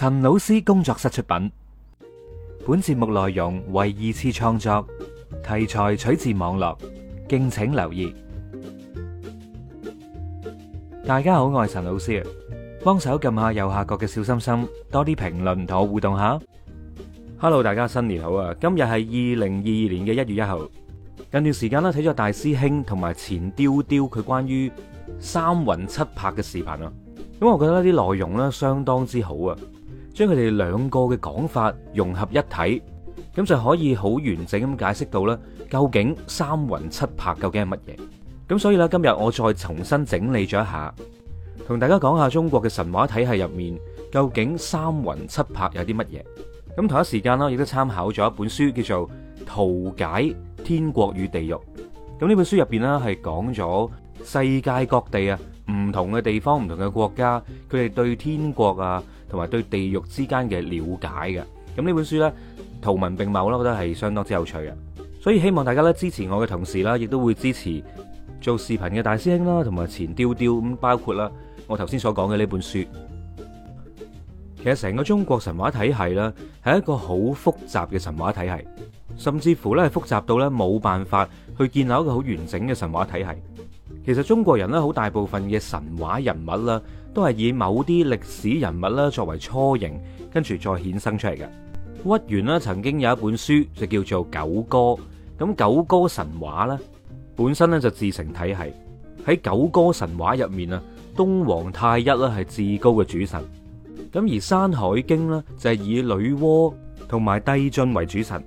陳老師工作室出品，本節目內容為二次創作，題材取自網絡，敬請留意。大家好，我係陳老師啊，幫手撳下右下角嘅小心心，多啲評論同我互動下。Hello，大家新年好啊！今日係二零二二年嘅一月一號。近段時間咧，睇咗大師兄同埋前雕雕佢關於三魂七魄嘅視頻啊，咁我覺得咧，啲內容咧相當之好啊。將佢哋兩個嘅講法融合一體，咁就可以好完整咁解釋到咧，究竟三魂七魄究竟係乜嘢？咁所以咧，今日我再重新整理咗一下，同大家講下中國嘅神話體系入面，究竟三魂七魄有啲乜嘢？咁同一時間啦，亦都參考咗一本書叫做《圖解天國與地獄》。咁呢本書入邊呢係講咗世界各地啊，唔同嘅地方、唔同嘅國家，佢哋對天國啊。同埋對地獄之間嘅了解嘅，咁呢本書呢圖文並茂啦，我覺得係相當之有趣嘅。所以希望大家咧支持我嘅同時啦，亦都會支持做視頻嘅大師兄啦，同埋前丟丟咁，包括啦我頭先所講嘅呢本書。其實成個中國神話體系呢係一個好複雜嘅神話體系，甚至乎呢係複雜到呢冇辦法去建立一個好完整嘅神話體系。其實中國人呢，好大部分嘅神話人物啦。都係以某啲歷史人物咧，作為初型，跟住再衍生出嚟嘅。屈原咧，曾經有一本書就叫做《九歌》。咁《九歌》神話咧，本身咧就自成體系。喺《九歌》神話入面啊，東皇太一啦係至高嘅主神。咁而《山海經》呢就係以女媧同埋帝俊為主神。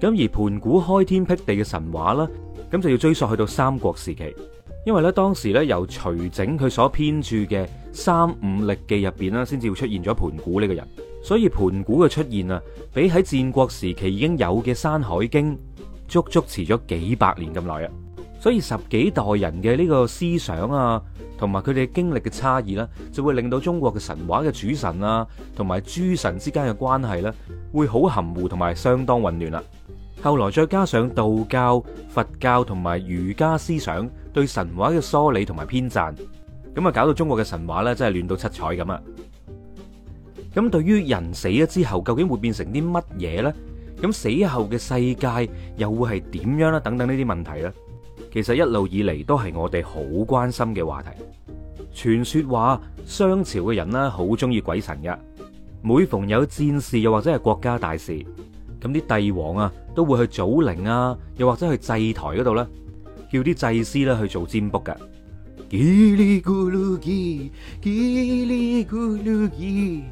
咁而盤古開天闢地嘅神話啦，咁就要追溯去到三國時期，因為咧當時咧由徐整佢所編著嘅。三五歷記入邊啦，先至會出現咗盤古呢個人，所以盤古嘅出現啊，比喺戰國時期已經有嘅《山海經》足足遲咗幾百年咁耐啊！所以十幾代人嘅呢個思想啊，同埋佢哋經歷嘅差異呢，就會令到中國嘅神話嘅主神啊，同埋諸神之間嘅關係呢，會好含糊同埋相當混亂啦。後來再加上道教、佛教同埋儒家思想對神話嘅梳理同埋編撰。咁啊，搞到中國嘅神話咧，真係亂到七彩咁啊！咁對於人死咗之後，究竟會變成啲乜嘢呢？咁死後嘅世界又會係點樣呢？等等呢啲問題呢，其實一路以嚟都係我哋好關心嘅話題。傳說話商朝嘅人呢好中意鬼神嘅。每逢有戰事又或者係國家大事，咁啲帝王啊都會去祖陵啊，又或者去祭台嗰度咧，叫啲祭司咧去做占卜嘅。嘰里咕嚕嘰，嘰里咕嚕嘰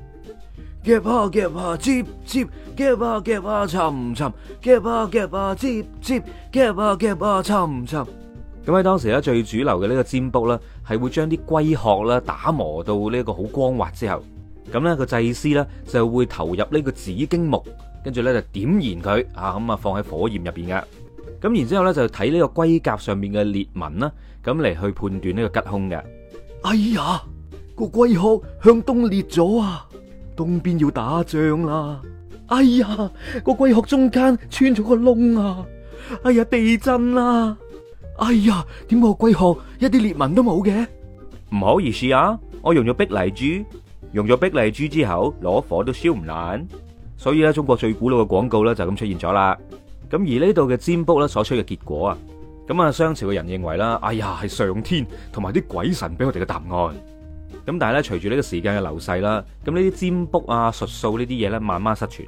，gap 啊 gap 啊接接，gap 啊 gap 啊沉沉，gap 啊 gap 啊接接，gap 啊 gap 啊沉沉。咁喺當時咧，最主流嘅呢個占卜咧，係會將啲龜殼啦打磨到呢個好光滑之後，咁咧個祭師咧就會投入呢個紫荊木，跟住咧就點燃佢啊，咁啊放喺火焰入邊嘅。咁然之後咧，就睇呢個龜甲上面嘅裂紋啦，咁嚟去判斷呢個吉凶嘅。哎呀，個龜殼向東裂咗啊，東邊要打仗啦！哎呀，個龜殼中間穿咗個窿啊！哎呀，地震啦啊！哎呀，點解龜殼一啲裂紋都冇嘅？唔好意思啊，我用咗碧麗珠，用咗碧麗珠之後，攞火都燒唔爛，所以咧，中國最古老嘅廣告咧就咁出現咗啦。咁而呢度嘅占卜咧所出嘅結果啊，咁啊，商朝嘅人認為啦，哎呀，係上天同埋啲鬼神俾我哋嘅答案。咁但係咧，隨住呢個時間嘅流逝啦，咁呢啲占卜啊、術數呢啲嘢咧，慢慢失傳。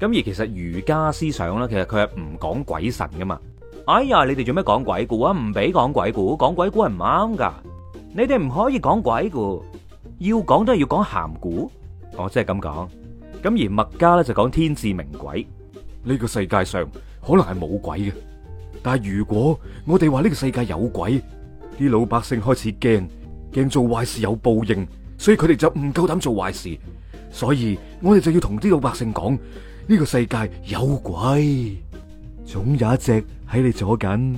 咁而其實儒家思想咧，其實佢係唔講鬼神噶嘛。哎呀，你哋做咩講鬼故啊？唔俾講鬼故，講鬼故係唔啱噶。你哋唔可以講鬼故，要講都係要講鹹故。我即係咁講。咁而墨家咧就講天志明鬼呢、這個世界上。可能係冇鬼嘅，但係如果我哋話呢個世界有鬼，啲老百姓開始驚，驚做壞事有報應，所以佢哋就唔夠膽做壞事，所以我哋就要同啲老百姓講，呢個世界有鬼，總有一隻喺你左緊，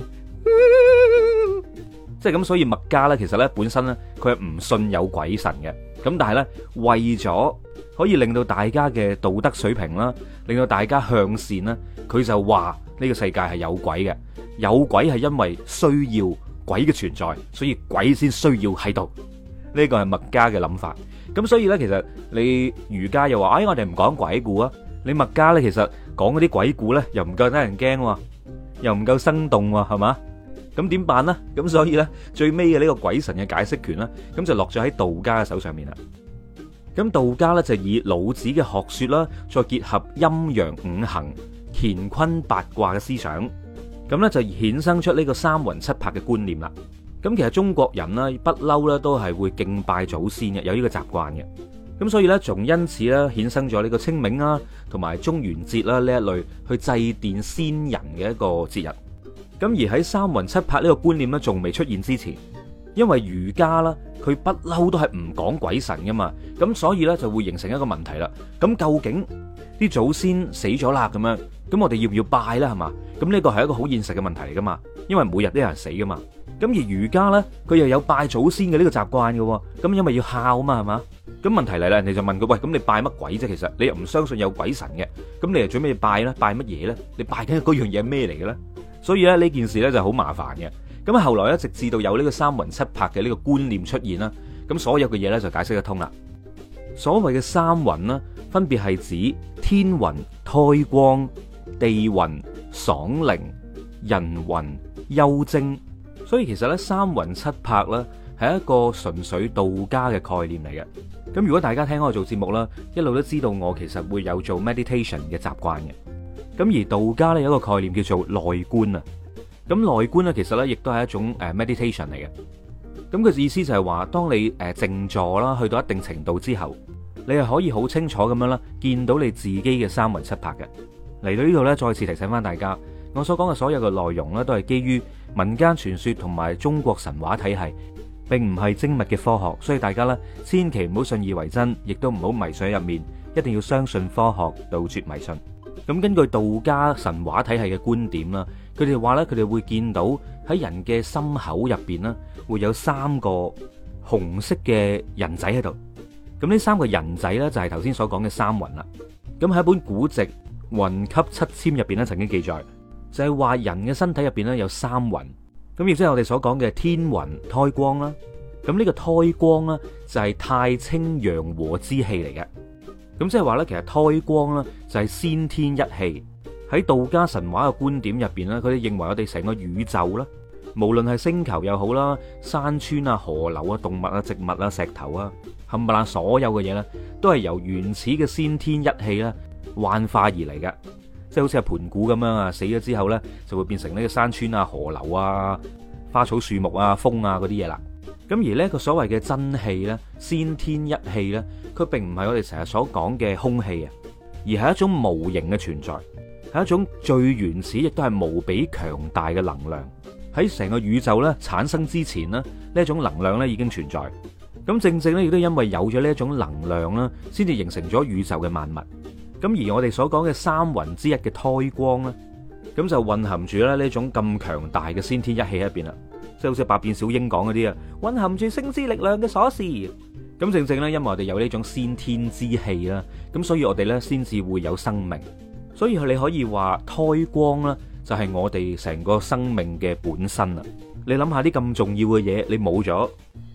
即係咁。所以墨家咧，其實咧本身咧，佢係唔信有鬼神嘅。咁但係呢，為咗可以令到大家嘅道德水平啦，令到大家向善啦，佢就話呢個世界係有鬼嘅，有鬼係因為需要鬼嘅存在，所以鬼先需要喺度。呢個係墨家嘅諗法。咁所以呢，其實你儒家又話，哎，我哋唔講鬼故啊。你墨家呢，其實講嗰啲鬼故呢，又唔夠得人驚，又唔夠生動，係嘛？咁點辦呢？咁所以呢，最尾嘅呢個鬼神嘅解釋權呢，咁就落咗喺道家嘅手上面啦。咁道家呢，就以老子嘅學説啦，再結合陰陽五行、乾坤八卦嘅思想，咁呢就衍生出呢個三魂七魄嘅觀念啦。咁其實中國人呢，不嬲呢都係會敬拜祖先嘅，有呢個習慣嘅。咁所以呢，仲因此呢，衍生咗呢個清明啦，同埋中元節啦呢一類去祭奠先人嘅一個節日。咁而喺三魂七魄呢個觀念咧，仲未出現之前，因為儒家啦，佢不嬲都係唔講鬼神噶嘛，咁所以咧就會形成一個問題啦。咁究竟啲祖先死咗啦，咁樣，咁我哋要唔要拜咧？係嘛，咁呢個係一個好現實嘅問題嚟噶嘛。因為每日都有人死噶嘛，咁而儒家咧，佢又有拜祖先嘅呢個習慣噶，咁因為要孝嘛，係嘛。咁問題嚟啦，人哋就問佢，喂，咁你拜乜鬼啫？其實你又唔相信有鬼神嘅，咁你又準備拜咧，拜乜嘢咧？你拜緊嗰樣嘢係咩嚟嘅咧？所以咧呢件事呢就好麻煩嘅，咁後來一直至到有呢個三魂七魄嘅呢個觀念出現啦，咁所有嘅嘢呢就解釋得通啦。所謂嘅三魂呢，分別係指天魂、胎光、地魂、爽靈、人魂、幽精。所以其實呢三魂七魄呢係一個純粹道家嘅概念嚟嘅。咁如果大家聽我做節目啦，一路都知道我其實會有做 meditation 嘅習慣嘅。咁而道家咧有一個概念叫做內觀啊，咁內觀咧其實咧亦都係一種誒 meditation 嚟嘅。咁佢意思就係話，當你誒靜坐啦，去到一定程度之後，你係可以好清楚咁樣啦，見到你自己嘅三魂七魄嘅。嚟到呢度呢，再次提醒翻大家，我所講嘅所有嘅內容呢，都係基於民間傳說同埋中國神話體系，並唔係精密嘅科學，所以大家呢，千祈唔好信以為真，亦都唔好迷信入面，一定要相信科學，杜絕迷信。咁根據道家神話體系嘅觀點啦，佢哋話咧，佢哋會見到喺人嘅心口入邊咧，會有三個紅色嘅人仔喺度。咁呢三個人仔呢，就係頭先所講嘅三魂啦。咁喺一本古籍《雲笈七籤》入邊咧，曾經記載，就係、是、話人嘅身體入邊咧有三魂。咁亦即係我哋所講嘅天魂、胎光啦。咁、這、呢個胎光呢，就係太清陽和之氣嚟嘅。咁即係話咧，其實胎光呢就係先天一氣。喺道家神話嘅觀點入邊咧，佢哋認為我哋成個宇宙啦，無論係星球又好啦，山川啊、河流啊、動物啊、植物啊、石頭啊，冚唪唥所有嘅嘢呢，都係由原始嘅先天一氣啦，幻化而嚟嘅。即係好似係盤古咁樣啊，死咗之後呢，就會變成呢個山川啊、河流啊、花草樹木啊、風啊嗰啲嘢啦。咁而呢一個所謂嘅真氣咧，先天一氣咧，佢並唔係我哋成日所講嘅空氣啊，而係一種無形嘅存在，係一種最原始亦都係無比強大嘅能量。喺成個宇宙咧產生之前咧，呢一種能量咧已經存在。咁正正咧亦都因為有咗呢一種能量啦，先至形成咗宇宙嘅萬物。咁而我哋所講嘅三魂之一嘅胎光咧，咁就蘊含住咧呢種咁強大嘅先天一氣喺入邊啦。就好似百變小櫻講嗰啲啊，蘊含住星之力量嘅鎖匙。咁正正咧，因為我哋有呢種先天之氣啦，咁所以我哋呢先至會有生命。所以你可以話胎光啦，就係我哋成個生命嘅本身啊！你諗下啲咁重要嘅嘢，你冇咗，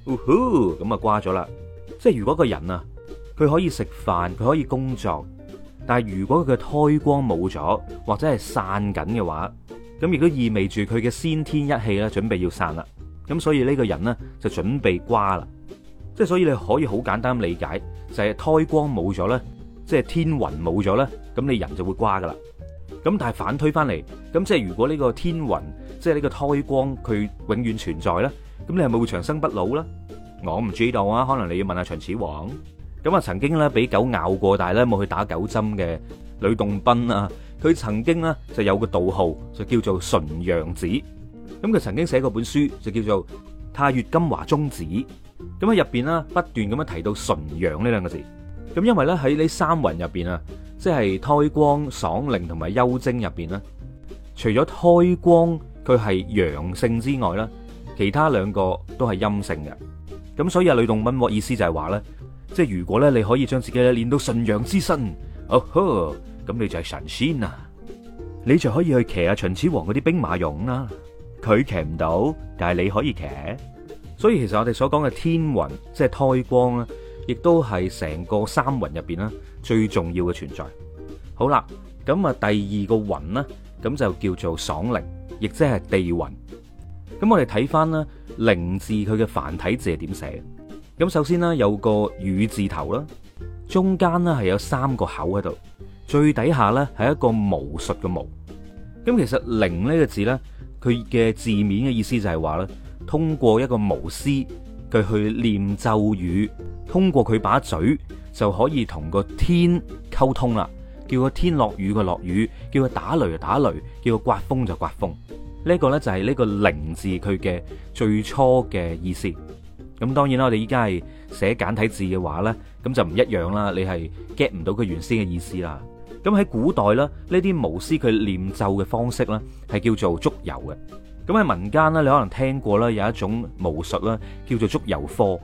呃、呼，咁啊瓜咗啦！即係如果個人啊，佢可以食飯，佢可以工作，但係如果佢嘅胎光冇咗，或者係散緊嘅話，咁亦都意味住佢嘅先天一氣咧，準備要散啦，咁所以呢個人呢，就準備瓜啦，即係所以你可以好簡單理解，就係、是、胎光冇咗呢，即係天雲冇咗呢，咁你人就會瓜噶啦。咁但係反推返嚟，咁即係如果呢個天雲，即係呢個胎光，佢永遠存在呢，咁你係咪會長生不老呢？我唔知道啊，可能你要問下秦始皇。咁啊曾經呢，俾狗咬過，但係呢冇去打狗針嘅呂洞賓啊。佢曾經咧就有個道號就叫做純陽子，咁佢曾經寫過本書就叫做《太乙金華宗旨》，咁喺入邊啦不斷咁樣提到純陽呢兩個字，咁因為咧喺呢三魂入邊啊，即係胎光、爽靈同埋幽精入邊啦，除咗胎光佢係陽性之外啦，其他兩個都係陰性嘅，咁所以啊呂洞賓意思就係話咧，即係如果咧你可以將自己咧練到純陽之身，啊、oh、呵。Ho! 咁你就係神仙啊！你就可以去騎啊秦始皇嗰啲兵馬俑啦、啊。佢騎唔到，但係你可以騎。所以其實我哋所講嘅天魂即係胎光啦，亦都係成個三魂入邊啦最重要嘅存在。好啦，咁啊第二個魂呢，咁就叫做爽靈，亦即係地魂。咁我哋睇翻呢靈字，佢嘅繁體字係點寫？咁首先呢有個雨字頭啦，中間呢係有三個口喺度。最底下呢係一個巫術嘅巫，咁其實靈呢個字呢，佢嘅字面嘅意思就係話呢：通過一個巫師佢去念咒語，通過佢把嘴就可以同個天溝通啦，叫個天落雨個落雨，叫佢打雷就打雷，叫佢刮風就刮風。呢、這個呢，就係、是、呢個靈字佢嘅最初嘅意思。咁當然啦，我哋依家係寫簡體字嘅話呢，咁就唔一樣啦，你係 get 唔到佢原先嘅意思啦。咁喺古代啦，呢啲巫師佢念咒嘅方式啦，係叫做祝由嘅。咁喺民間咧，你可能聽過啦有一種巫術啦，叫做祝由科。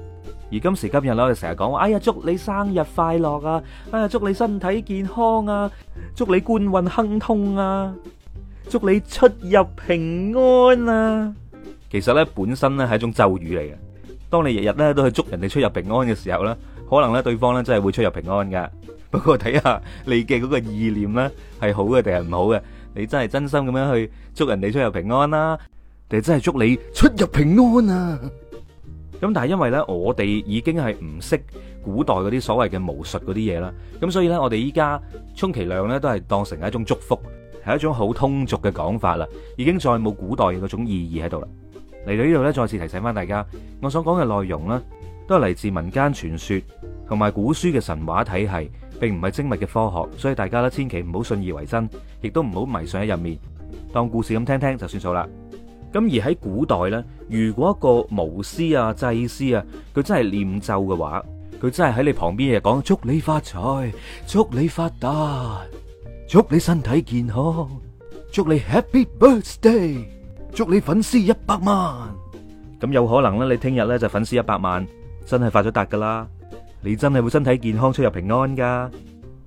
而今時今日咧，我哋成日講，哎呀，祝你生日快樂啊，哎呀，祝你身體健康啊，祝你官運亨通啊，祝你出入平安啊。其實咧，本身咧係一種咒語嚟嘅。當你日日咧都去祝人哋出入平安嘅時候咧，可能咧對方咧真係會出入平安噶。不過睇下你嘅嗰個意念咧，係好嘅定係唔好嘅？你真係真心咁樣去祝人哋出入平安啦，定係真係祝你出入平安啊？咁但係因為呢，我哋已經係唔識古代嗰啲所謂嘅巫術嗰啲嘢啦，咁所以呢，我哋依家充其量呢都係當成係一種祝福，係一種好通俗嘅講法啦，已經再冇古代嘅嗰種意義喺度啦。嚟到呢度呢，再次提醒翻大家，我所講嘅內容呢都係嚟自民間傳說同埋古書嘅神話體系。並唔係精密嘅科學，所以大家呢千祈唔好信以為真，亦都唔好迷信喺入面，當故事咁聽聽就算數啦。咁而喺古代呢，如果一個巫師啊、祭司啊，佢真係念咒嘅話，佢真係喺你旁邊日日講，祝你發財，祝你發達，祝你身體健康，祝你 Happy Birthday，祝你粉絲一百萬。咁有可能呢，你聽日呢就粉絲一百萬，真係發咗達噶啦。你真係會身體健康、出入平安噶，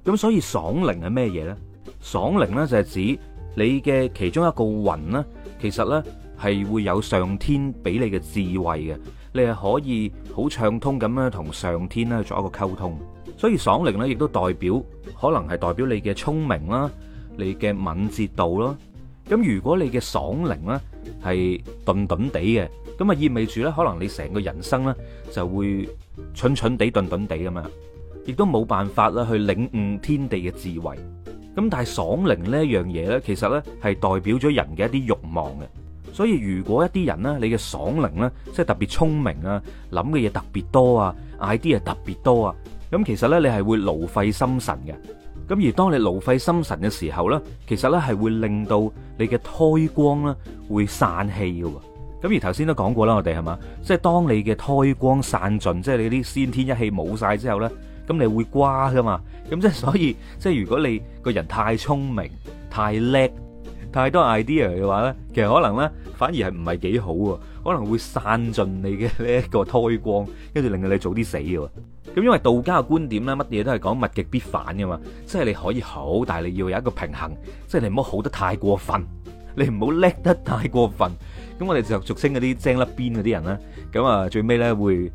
咁所以爽靈係咩嘢呢？爽靈呢就係指你嘅其中一個魂啦，其實呢係會有上天俾你嘅智慧嘅，你係可以好暢通咁樣同上天呢作一個溝通，所以爽靈呢亦都代表可能係代表你嘅聰明啦，你嘅敏捷度咯。咁如果你嘅爽靈咧係鈍鈍地嘅，咁啊意味住咧可能你成個人生咧就會蠢蠢地、鈍鈍地咁樣，亦都冇辦法啦去領悟天地嘅智慧。咁但係爽靈呢一樣嘢咧，其實咧係代表咗人嘅一啲欲望嘅。所以如果一啲人咧，你嘅爽靈咧即係特別聰明啊，諗嘅嘢特別多啊，嗌啲嘢特別多啊，咁其實咧你係會勞費心神嘅。咁而當你勞費心神嘅時候咧，其實咧係會令到你嘅胎光咧會散氣嘅喎。咁而頭先都講過啦，我哋係咪，即係當你嘅胎光散盡，即係你啲先天一氣冇晒之後咧，咁你會瓜嘅嘛。咁即係所以，即係如果你個人太聰明、太叻、太多 idea 嘅話咧，其實可能咧反而係唔係幾好喎，可能會散盡你嘅呢一個胎光，跟住令到你早啲死嘅。咁因為道家嘅觀點咧，乜嘢都係講物極必反噶嘛，即係你可以好，但係你要有一個平衡，即係你唔好好得太過分，你唔好叻得太過分。咁我哋就俗稱嗰啲精甩邊嗰啲人啦。咁啊，最尾咧會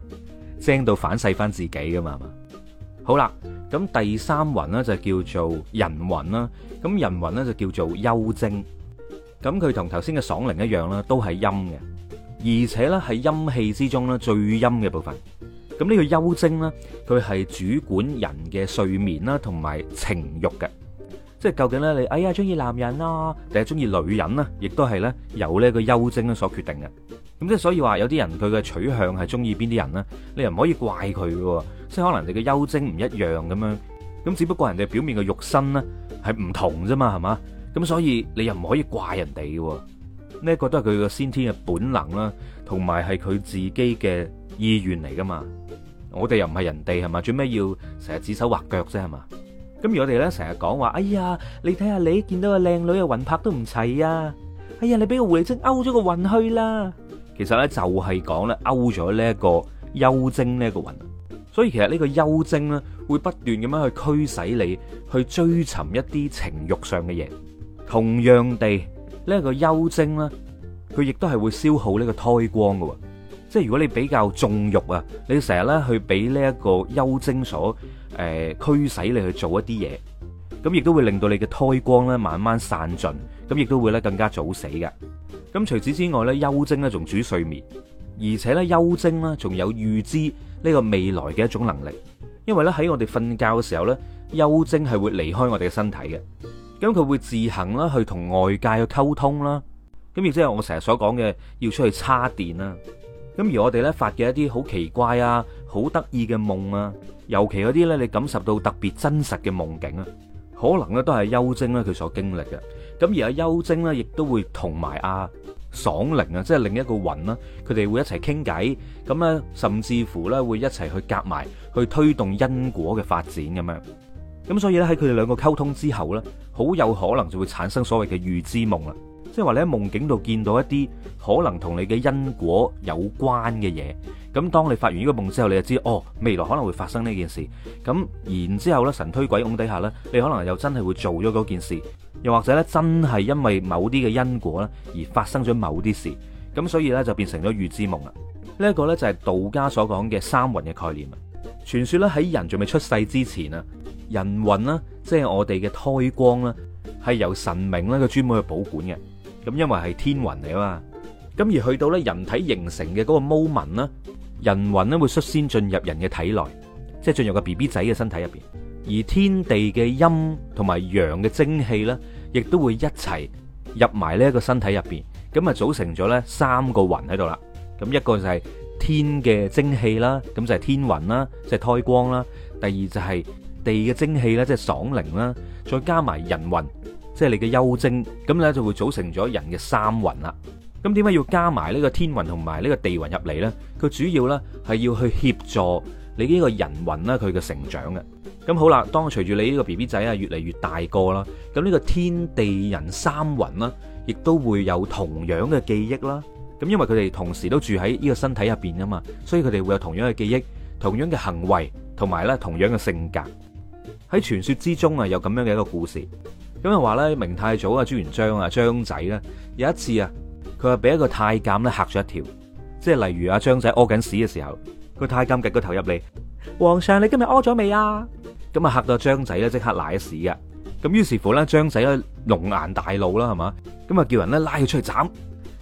精到反噬翻自己噶嘛。係嘛。好啦，咁第三魂咧就叫做人魂啦。咁人魂咧就叫做幽精。咁佢同頭先嘅爽靈一樣啦，都係陰嘅，而且咧係陰氣之中咧最陰嘅部分。咁呢個幽精咧，佢係主管人嘅睡眠啦，同埋情欲嘅。即係究竟咧，你哎呀中意男人啦，定係中意女人咧，亦都係咧由呢個幽精咧所決定嘅。咁即係所以話，有啲人佢嘅取向係中意邊啲人咧，你又唔可以怪佢嘅。即係可能你嘅幽精唔一樣咁樣，咁只不過人哋表面嘅肉身咧係唔同啫嘛，係嘛？咁所以你又唔可以怪人哋嘅。呢一個都係佢嘅先天嘅本能啦，同埋係佢自己嘅。意願嚟噶嘛？我哋又唔係人哋係嘛？做咩要成日指手畫腳啫係嘛？咁而我哋咧成日講話，哎呀，你睇下你見到個靚女嘅魂魄都唔齊啊！哎呀，你俾個狐狸精勾咗個魂去啦！其實咧就係講啦，勾咗呢一個幽精，呢一個魂。所以其實呢個幽精咧會不斷咁樣去驅使你去追尋一啲情欲上嘅嘢。同樣地，呢一個幽精咧，佢亦都係會消耗呢個胎光噶。即係如果你比較縱欲啊，你成日咧去俾呢一個幽精所誒驅使，你去做一啲嘢，咁亦都會令到你嘅胎光咧慢慢散盡，咁亦都會咧更加早死嘅。咁除此之外咧，幽精咧仲主睡眠，而且咧幽精咧仲有預知呢個未來嘅一種能力。因為咧喺我哋瞓覺嘅時候咧，幽精係會離開我哋嘅身體嘅，咁佢會自行啦去同外界去溝通啦。咁亦即係我成日所講嘅要出去叉電啦。咁而我哋呢發嘅一啲好奇怪啊，好得意嘅夢啊，尤其嗰啲呢你感受到特別真實嘅夢境啊，可能呢都係幽精呢佢所經歷嘅。咁而阿幽精呢亦都會同埋阿爽靈啊，即係另一個魂啦，佢哋會一齊傾偈，咁呢甚至乎呢會一齊去夾埋，去推動因果嘅發展咁樣。咁所以呢喺佢哋兩個溝通之後呢，好有可能就會產生所謂嘅預知夢啦。即係話你喺夢境度見到一啲可能同你嘅因果有關嘅嘢，咁當你發完呢個夢之後，你就知哦，未來可能會發生呢件事。咁然之後咧神推鬼拱底下咧，你可能又真係會做咗嗰件事，又或者咧真係因為某啲嘅因果咧而發生咗某啲事。咁所以咧就變成咗預知夢啦。呢一個咧就係道家所講嘅三魂嘅概念啊。傳說咧喺人仲未出世之前啊，人魂呢，即係我哋嘅胎光啦，係由神明咧佢專門去保管嘅。咁因為係天魂嚟啊嘛，咁而去到咧人體形成嘅嗰個 moment 啦，人魂咧會率先進入人嘅體內，即係進入個 B B 仔嘅身體入邊，而天地嘅陰同埋陽嘅精氣咧，亦都會一齊入埋呢一個身體入邊，咁啊組成咗咧三個魂喺度啦，咁一個就係天嘅精氣啦，咁就係天魂啦，即係胎光啦；第二就係地嘅精氣咧，即係爽靈啦，再加埋人魂。即係你嘅幽精咁呢，就會組成咗人嘅三魂啦。咁點解要加埋呢個天魂同埋呢個地魂入嚟呢？佢主要呢係要去協助你呢個人魂啦，佢嘅成長嘅。咁好啦，當隨住你呢個 B B 仔啊越嚟越大個啦，咁呢個天地人三魂啦，亦都會有同樣嘅記憶啦。咁因為佢哋同時都住喺呢個身體入邊啊嘛，所以佢哋會有同樣嘅記憶、同樣嘅行為同埋咧同樣嘅性格。喺傳說之中啊，有咁樣嘅一個故事。咁又話咧，明太祖啊朱元璋啊張仔咧，有一次啊，佢係俾一個太監咧嚇咗一跳，即係例如啊，張仔屙緊屎嘅時候，太監時個太監夾個頭入嚟，皇上，你今日屙咗未啊？咁啊嚇到張仔咧即刻瀨屎噶。咁於是乎咧，張仔咧龍顏大怒啦係嘛，咁啊叫人咧拉佢出去斬。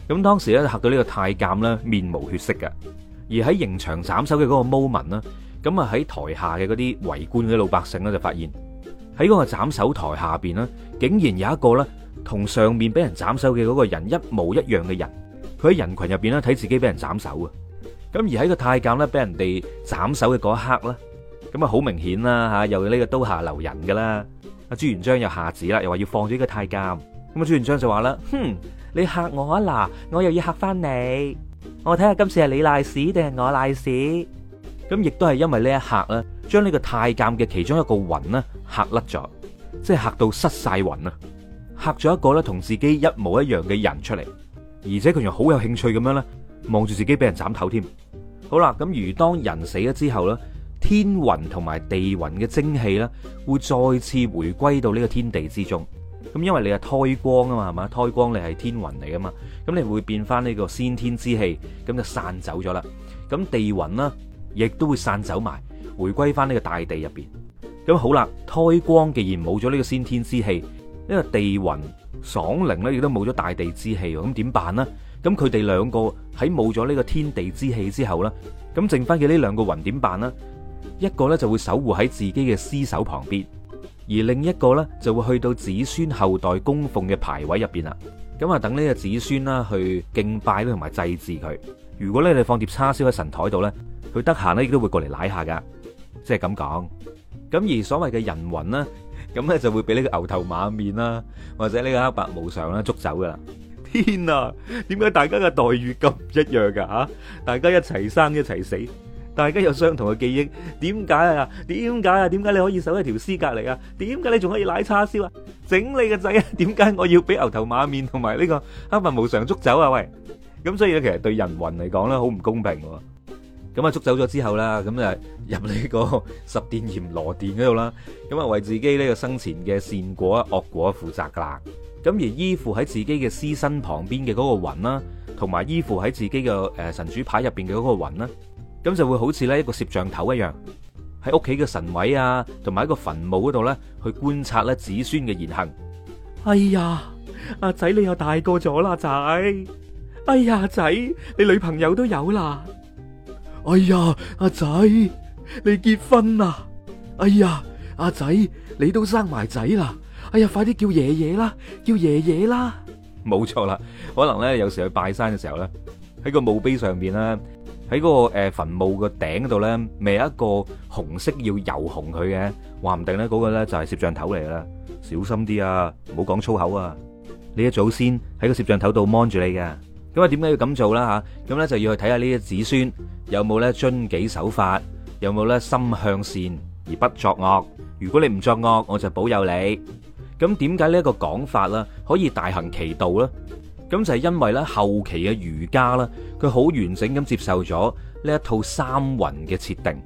咁當時咧，嚇到呢個太監咧面無血色噶，而喺刑場斬首嘅嗰個毛民啦，咁啊喺台下嘅嗰啲圍觀嘅老百姓咧就發現。喺嗰個斬首台下邊啦，竟然有一個咧同上面俾人斬首嘅嗰個人一模一樣嘅人，佢喺人群入邊咧睇自己俾人斬首啊！咁而喺個太監咧俾人哋斬首嘅嗰一刻咧，咁啊好明顯啦吓，又有呢個刀下留人噶啦，阿朱元璋又下旨啦，又話要放咗呢個太監。咁啊朱元璋就話啦：哼，你吓我啊，嗱，我又要吓翻你，我睇下今次係你賴屎定係我賴屎。咁亦都係因為呢一刻咧，將呢個太監嘅其中一個魂呢嚇甩咗，即係嚇到失晒魂啊！嚇咗一個咧同自己一模一樣嘅人出嚟，而且佢仲好有興趣咁樣咧望住自己俾人斬頭添。好啦，咁如當人死咗之後呢，天魂同埋地魂嘅精氣呢會再次回歸到呢個天地之中。咁因為你係胎光啊嘛，係嘛，胎光你係天魂嚟噶嘛，咁你會變翻呢個先天之氣，咁就散走咗啦。咁地魂呢。亦都會散走埋，回歸翻呢個大地入邊。咁好啦，胎光既然冇咗呢個先天之氣，呢個地云爽靈咧亦都冇咗大地之氣，咁點辦呢？咁佢哋兩個喺冇咗呢個天地之氣之後呢，咁剩翻嘅呢兩個云點辦呢？一個呢，就會守護喺自己嘅屍首旁邊，而另一個呢，就會去到子孫後代供奉嘅牌位入邊啦。咁啊，等呢個子孫啦去敬拜同埋祭祀佢。如果咧你放碟叉燒喺神台度呢。佢得閒咧，亦都會過嚟舐下噶，即係咁講。咁而所謂嘅人魂呢，咁咧就會俾呢個牛頭馬面啦，或者呢個黑白無常啦捉走噶。天啊，點解大家嘅待遇咁唔一樣噶吓？大家一齊生一齊死，大家有相同嘅記憶，點解啊？點解啊？點解你可以守喺條屍隔籬啊？點解你仲可以舐叉燒啊？整你個仔啊？點解我要俾牛頭馬面同埋呢個黑白無常捉走啊？喂！咁所以咧，其實對人魂嚟講咧，好唔公平。咁啊，捉走咗之後啦，咁就入呢個十殿閻羅殿嗰度啦，咁啊為自己呢個生前嘅善果、惡果負責噶啦。咁而依附喺自己嘅屍身旁邊嘅嗰個魂啦，同埋依附喺自己嘅誒神主牌入邊嘅嗰個魂啦，咁就會好似咧一個攝像頭一樣，喺屋企嘅神位啊，同埋一個墳墓嗰度咧去觀察咧子孫嘅言行哎。哎呀，阿仔你又大個咗啦，仔！哎呀，仔，你女朋友都有啦。哎呀，阿仔，你結婚啦！哎呀，阿仔，你都生埋仔啦！哎呀，快啲叫爺爺啦，叫爺爺啦！冇錯啦，可能咧有時去拜山嘅時候咧，喺個墓碑上邊啦，喺嗰個誒墳墓個頂度咧，未有一個紅色要油紅佢嘅，話唔定咧嗰個咧就係攝像頭嚟啦，小心啲啊，唔好講粗口啊，你一早先喺個攝像頭度 monitor 住你噶。咁啊，點解要咁做啦？吓，咁咧就要去睇下呢啲子孫有冇咧遵紀守法，有冇咧心向善而不作惡。如果你唔作惡，我就保佑你。咁點解呢一個講法咧，可以大行其道咧？咁就係因為咧後期嘅儒家啦，佢好完整咁接受咗呢一套三魂嘅設定。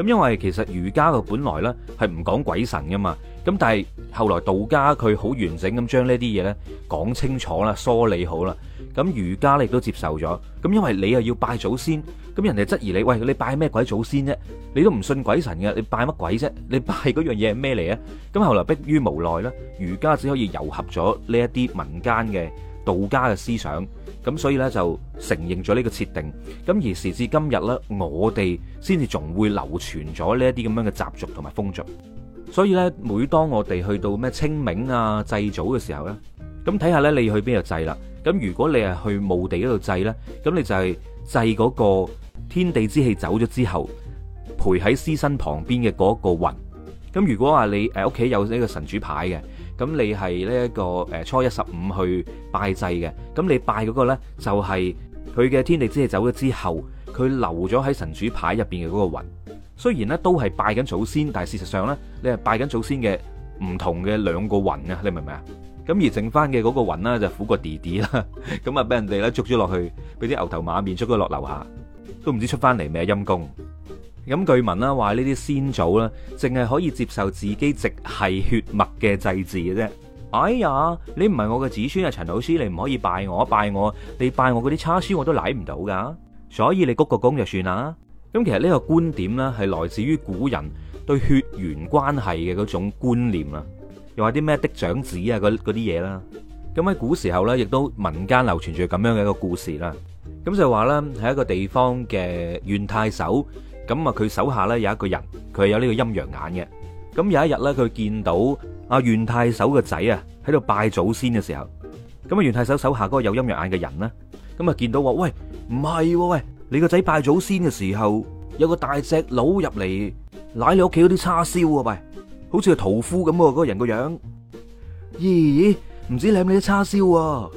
咁因為其實儒家嘅本來咧係唔講鬼神噶嘛，咁但係後來道家佢好完整咁將呢啲嘢咧講清楚啦、梳理好啦，咁儒家亦都接受咗。咁因為你又要拜祖先，咁人哋質疑你，喂，你拜咩鬼祖先啫？你都唔信鬼神嘅，你拜乜鬼啫？你拜嗰樣嘢係咩嚟啊？咁後來迫於無奈啦，儒家只可以糅合咗呢一啲民間嘅道家嘅思想。咁所以呢，就承認咗呢個設定，咁而時至今日呢，我哋先至仲會流傳咗呢一啲咁樣嘅習俗同埋風俗。所以呢，每當我哋去到咩清明啊祭祖嘅時候呢，咁睇，下呢，你去邊度祭啦。咁如果你係去墓地嗰度祭呢，咁你就係祭嗰個天地之氣走咗之後，陪喺屍身旁邊嘅嗰個魂。咁如果話你誒屋企有呢個神主牌嘅，咁你係呢一個誒初一十五去拜祭嘅。咁你拜嗰個咧就係佢嘅天地之氣走咗之後，佢留咗喺神主牌入邊嘅嗰個魂。雖然咧都係拜緊祖先，但係事實上咧你係拜緊祖先嘅唔同嘅兩個魂啊！你明唔明啊？咁而剩翻嘅嗰個魂咧就苦過弟弟啦，咁啊俾人哋咧捉咗落去，俾啲牛頭馬面捉咗落樓下，都唔知出翻嚟咩陰功。咁據聞啦，話呢啲先祖咧，淨係可以接受自己直係血脈嘅祭祀嘅啫。哎呀，你唔係我嘅子孫啊，陳老師，你唔可以拜我，拜我，你拜我嗰啲叉書我都舐唔到噶。所以你鞠個躬就算啦。咁其實呢個觀點呢，係來自於古人對血緣關係嘅嗰種觀念啦。又話啲咩嫡長子啊，嗰啲嘢啦。咁喺古時候呢，亦都民間流傳住咁樣嘅一個故事啦。咁就話咧，喺一個地方嘅縣太守。咁啊，佢手下咧有一個人，佢係有呢個陰陽眼嘅。咁有一日咧，佢見到阿袁太守個仔啊，喺度拜祖先嘅時候，咁啊袁太守手下嗰個有陰陽眼嘅人咧，咁啊見到話喂，唔係，喂你個仔拜祖先嘅時候，有個大隻佬入嚟，舐你屋企嗰啲叉燒啊，喂，好似個屠夫咁啊，嗰個人個樣，咦，唔知舐你啲叉燒啊，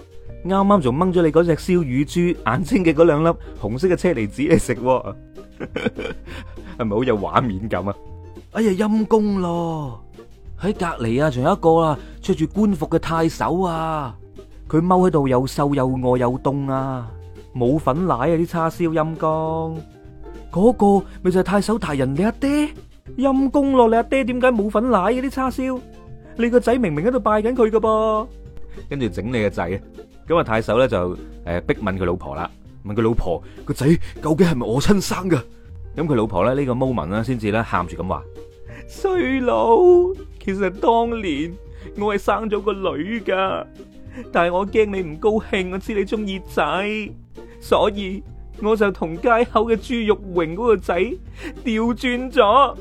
啱啱仲掹咗你嗰隻燒乳豬眼睛嘅嗰兩粒紅色嘅車厘子嚟食。係咪好有畫面感啊？哎呀，陰公咯！喺隔籬啊，仲有一個啊，着住官服嘅太守啊，佢踎喺度又瘦又餓又凍啊，冇粉奶啊！啲叉燒陰公，嗰個咪就係太守大人你阿爹？陰公咯，你阿爹點解冇粉奶啊？啲叉燒，你個仔明明喺度拜緊佢㗎噃，跟住整你個仔。咁啊，太守咧就誒逼問佢老婆啦。問佢老婆個仔究竟係咪我親生噶？咁佢老婆咧呢、這個 moment 咧先至咧喊住咁話：衰佬，其實當年我係生咗個女噶，但係我驚你唔高興，我知你中意仔，所以我就同街口嘅豬肉榮嗰個仔調轉咗，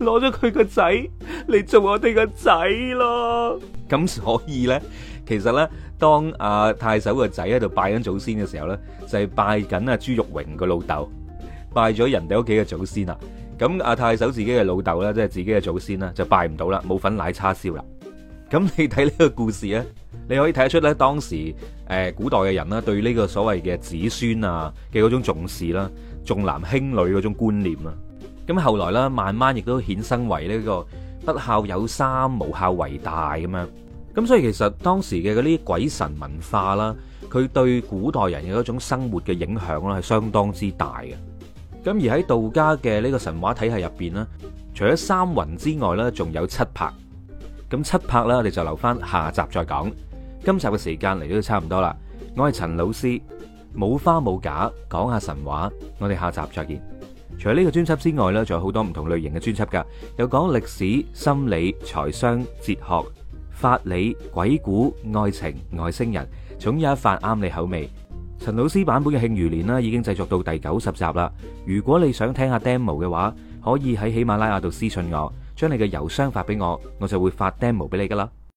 攞咗佢個仔嚟做我哋個仔咯。咁所以咧，其實咧。當阿太守個仔喺度拜緊祖先嘅時候咧，就係拜緊阿朱玉榮個老豆，拜咗人哋屋企嘅祖先啦。咁阿太守自己嘅老豆咧，即係自己嘅祖先啦，就拜唔到啦，冇份奶叉燒啦。咁你睇呢個故事咧，你可以睇得出咧，當時誒古代嘅人咧，對呢個所謂嘅子孫啊嘅嗰種重視啦，重男輕女嗰種觀念啊。咁後來咧，慢慢亦都衍生為呢個不孝有三，無孝為大咁樣。咁所以其實當時嘅嗰啲鬼神文化啦，佢對古代人嘅一種生活嘅影響啦，係相當之大嘅。咁而喺道家嘅呢個神話體系入邊咧，除咗三魂之外呢，仲有七魄。咁七魄呢，我哋就留翻下集再講。今集嘅時間嚟到都差唔多啦，我係陳老師，冇花冇假，講下神話，我哋下集再見。除咗呢個專輯之外呢，仲有好多唔同類型嘅專輯噶，有講歷史、心理、財商、哲學。法理、鬼故、愛情、外星人，總有一範啱你口味。陳老師版本嘅《慶餘年》啦，已經製作到第九十集啦。如果你想聽下 demo 嘅話，可以喺喜馬拉雅度私信我，將你嘅郵箱發俾我，我就會發 demo 俾你㗎喇。